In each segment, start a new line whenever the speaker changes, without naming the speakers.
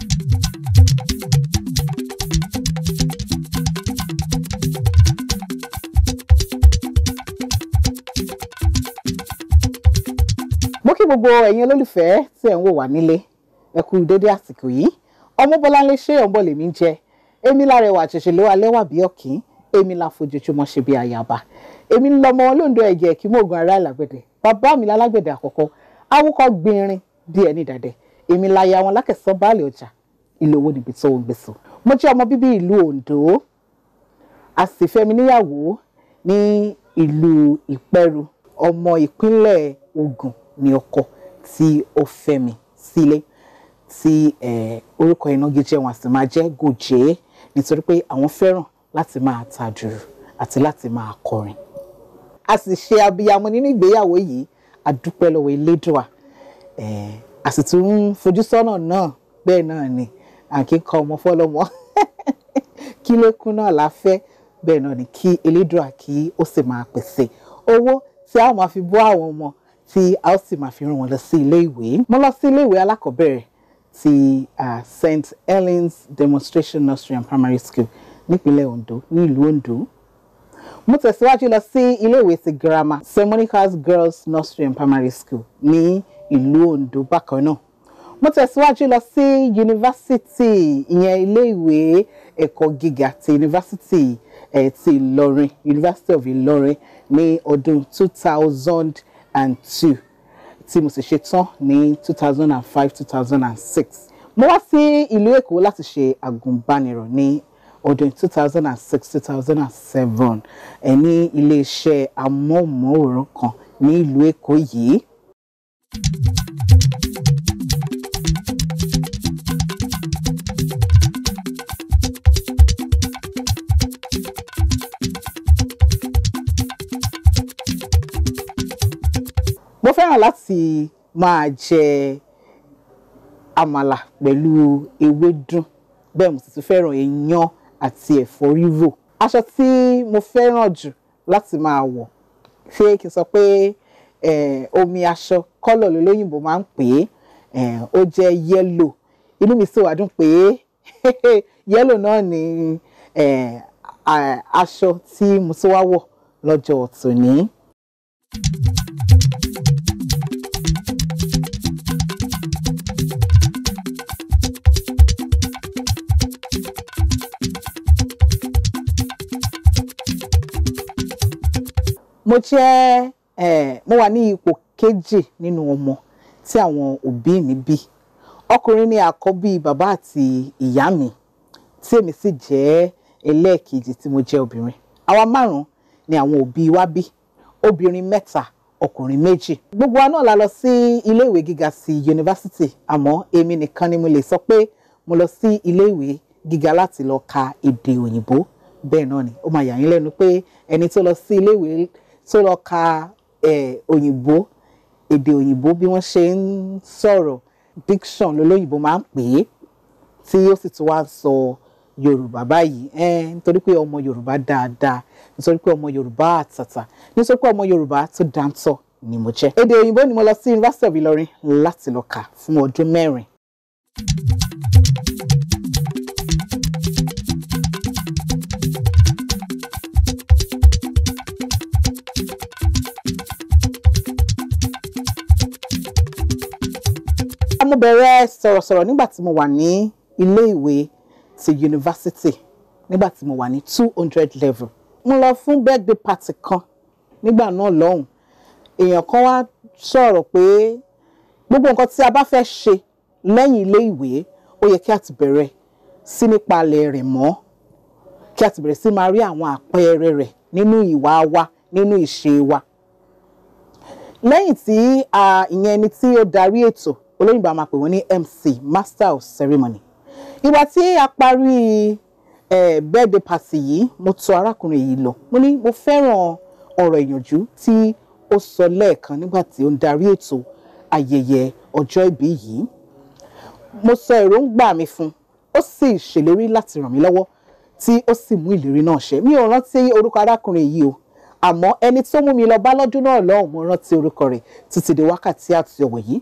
mo kí gbogbo ẹ̀yin olólùfẹ́ tí ẹ̀ ń wò wá nílé ẹ kú dédé àsìkò yìí ọmọbọ́láńlé ṣé ọ̀nbọ̀ lèmi ń jẹ èmi lárẹwà àṣẹṣe ló alẹ́wà bí ọ̀kín èmi la fojoojúmọ́ ṣe bí ayaba èmi lọmọ olóńdó ẹ̀jẹ̀ kí mòògùn ará alágbẹ̀dẹ bàbá mi lálágbẹ̀dẹ àkọ́kọ́ awúkọ gbinrin bí ẹni dàdẹ èmi láya wọn lákẹ̀sọ́ báàlì ọjà ìlówó níbi tó ń gbèsò mo jẹ́ ọmọ bíbí ìlú Ondo a sì fẹ́mi níyàwó ní ìlú Ìpẹ́rù ọmọ ìpínlẹ̀ Ògùn ní ọkọ tí ó fẹ́mi sílé tí orúkọ ìnagijẹ wọn sì máa jẹ́ Gòjé nítorí pé àwọn fẹ́ràn láti máa ta dùrù àti láti máa kọrin a sì ṣe abiyamọ nínú ìgbéyàwó yìí a dúpẹ́ lọ́wọ́ Elédùà a sì tún ń fojú sọ́nà náà bẹ́ẹ̀ náà ni à kí n kọ ọmọ fọlọ́mọ kí lékún náà la fẹ́ bẹ́ẹ̀ náà ni kí elédùà kí ó sì máa pèsè owó tí a ó máa fi bọ́ àwọn ọmọ tí a ó sì máa fi rán wọn lọ sí ilé ìwé mo lọ sí ilé ìwé alákọ̀ọ́bẹ̀rẹ̀ ti St. Helens Demonstration Nursery and Primary School nípínlẹ̀ Ondo ní ìlú Ondo mo tẹ̀síwájú lọ sí ilé ìwé ti girama St. Monica's Girls Nursery and Primary School ní ìlú Ondo bákan náà mo tẹ̀síwájú lọ sí yunifásitì ìyẹn iléèwé ẹ̀kọ́ gíga ti yunifásitì ẹ̀ eh, ti Ìlọrin University of Ìlọrin ní ọdún two thousand and two tí mo sì ṣe tán ní two thousand and five two thousand and six mo wá sí ìlú Èkó láti ṣe àgùnbánirọ̀ ní ọdún two thousand and six two thousand and seven ẹ̀ eh, ní iléeṣẹ́ amóhùnmáwòrán kan ní ìlú Èkó yìí mo fẹ́ràn láti máa jẹ àmàlà pẹ̀lú ewédú bẹ́ẹ̀ mo sì tún fẹ́ràn iyán àti ẹ̀fọ́ rírò aṣọ tí mo fẹ́ràn jù láti máa wọ̀ ṣé kí n sọ pé omi aṣọ kọ́lọ̀ lólóyìnbó máa ń pè é ó jẹ́ yẹ́lò inú mi sì wá dùn pé yẹ́lò náà ni aṣọ tí mo tún wá wọ̀ lọ́jọ́ tòní. thank mo jẹ́ eh, mo wà ní ipò kejì nínú ọmọ tí àwọn òbí mi bí ọkùnrin ni àkọ́bí bàbá àti ìyá mi tí èmi sì jẹ́ ẹlẹ́ẹ̀kejì tí mo jẹ́ obìnrin àwa márùn-ún ni àwọn òbí wa bí obìnrin mẹ́ta ọkùnrin méjì gbogbo wa náà la lọ sí ilé ìwé gíga sí yunifásitì àmọ́ èmi nìkan ni mo lè sọ pé mo lọ sí ilé gíga láti lọ ka èdè òyìnbó bẹ́ẹ̀ náà ni ó máa yà yín lẹ́nu pé ẹni tó lọ sí ilé tó lọ ka òyìnbó èdè òyìnbó bí wọ́n ṣe ń sọ̀rọ̀ diction lolóyìnbó máa ń pè é tí ó sì tún wá ń sọ yorùbá báyìí ẹ nítorí pé ọmọ yorùbá dáadáa nítorí pé ọmọ yorùbá àtàtà nítorí pé ọmọ yorùbá tó dáńtọ́ ni mo jẹ́. èdè òyìnbó ni mo lọ sí University of Ìlọrin láti lọ kà fún ọdún mẹ́rin. thank you mo bẹ̀rẹ̀ sọ̀rọ̀sọ̀rọ̀ nígbà tí mo wà ní ilé ìwé ti yunifásitì nígbà tí mo wà ní two hundred level mo lọ fún birthday party kan nígbà náà lọ́hùn èèyàn kan wá sọ̀rọ̀ pé gbogbo nǹkan tí a bá fẹ́ ṣe lẹ́yìn ilé ìwé ó yẹ kí a ti bẹ̀rẹ̀ sí nípa alẹ́ rẹ̀ mọ́ kí a ti bẹ̀rẹ̀ sí máa rí àwọn àpẹẹrẹ rẹ̀ nínú ìwà wa nínú ìṣe wa lẹ́yìn tí ìyẹn ẹni tí ó darí ètò olóyìnbó a máa pè wọ́n ní MC master of ceremony ìwà tí a parí eh, birthday party yìí mo tọ̀ arákùnrin yìí lọ mo ní mo fẹ́ràn ọ̀rọ̀ ìyànjú tí ó sọ lẹ́ẹ̀kan nígbà tí ó ń darí ètò ayẹyẹ ọjọ́ ìbí yìí mo sọ èròǹgbà mi fún ó sì ṣèlérí láti ràn mí lọ́wọ́ tí ó sì mú ìlérí náà ṣẹ mi ò rántí orúkọ arákùnrin yìí o àmọ́ ẹni tó mú mi lọ bá lọ́dún náà lọ́hùn mo rántí orúkọ rẹ̀ títí di wákàtí àti ọ̀wọ̀ yìí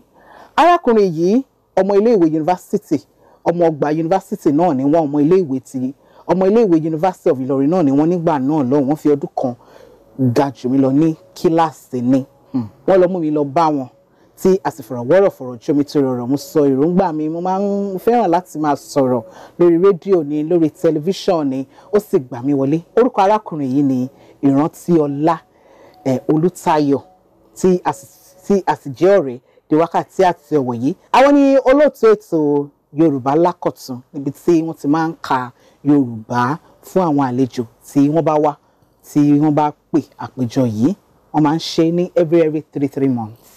arákùnrin yìí ọmọ iléèwé yunifásitì ọmọ ọgbà yunifásitì náà ni wọ́n ọmọ iléèwé ti ọmọ iléèwé yunifásitì of Ìlọrin náà ni wọ́n nígbà náà lọ́hùn wọ́n fi ọdún kan ga jù mí lọ ní kíláàsì ni hmm. wọ́n lọ mú mi lọ bá wọn tí a sì fọ̀rọ̀ wọ́rọ̀ fọ̀rọ̀ torí ọ̀rọ̀ mo sọ èròǹgbà mi mo máa ń fẹ́ràn láti máa sọ̀rọ̀ lórí rédíò ni lórí tẹlifíṣàn ni ó sì gbà mí wọlé orúkọ arákùnrin yìí ni Ìrántí Ọlá eh, Olútayọ̀ tí a ọ̀rẹ́ di wákàtí àti ọ̀wọ̀ yìí àwọn ni olóòtú ètò Yorùbá lákọ̀tun níbi tí wọ́n ti máa ń ka Yorùbá fún àwọn àlejò tí wọ́n bá wá tí wọ́n bá pè àpéjọ yìí wọ́n máa ń ṣe ní every every three three months.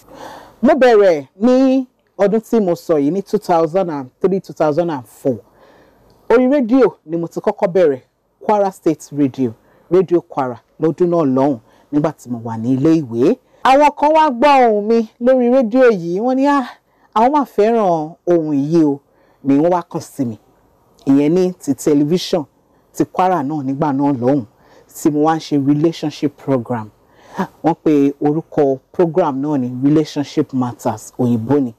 mo bẹ̀rẹ̀ ní ọdún tí mo sọ yìí ní two thousand and three two thousand and four orí rédíò ni mo ti kọ́kọ́ bẹ̀rẹ̀ Kwara State Radio Radio Kwara lọ́dún náà lọ́hùn nígbà tí mo wà ní ilé ìwé àwọn kan wá gbọ́ ohùn mi lórí rédíò yìí wọ́n ní ah, àwọn máa fẹ́ràn ohùn yìí o ni wọ́n wá kàn sí mi ìyẹn ní ti tẹlifíṣàn ti Kwara náà nígbà náà lọ́hùn tí mo wá ń ṣe relationship program wọ́n pe orúkọ program náà ní relationship matters òyìnbó ni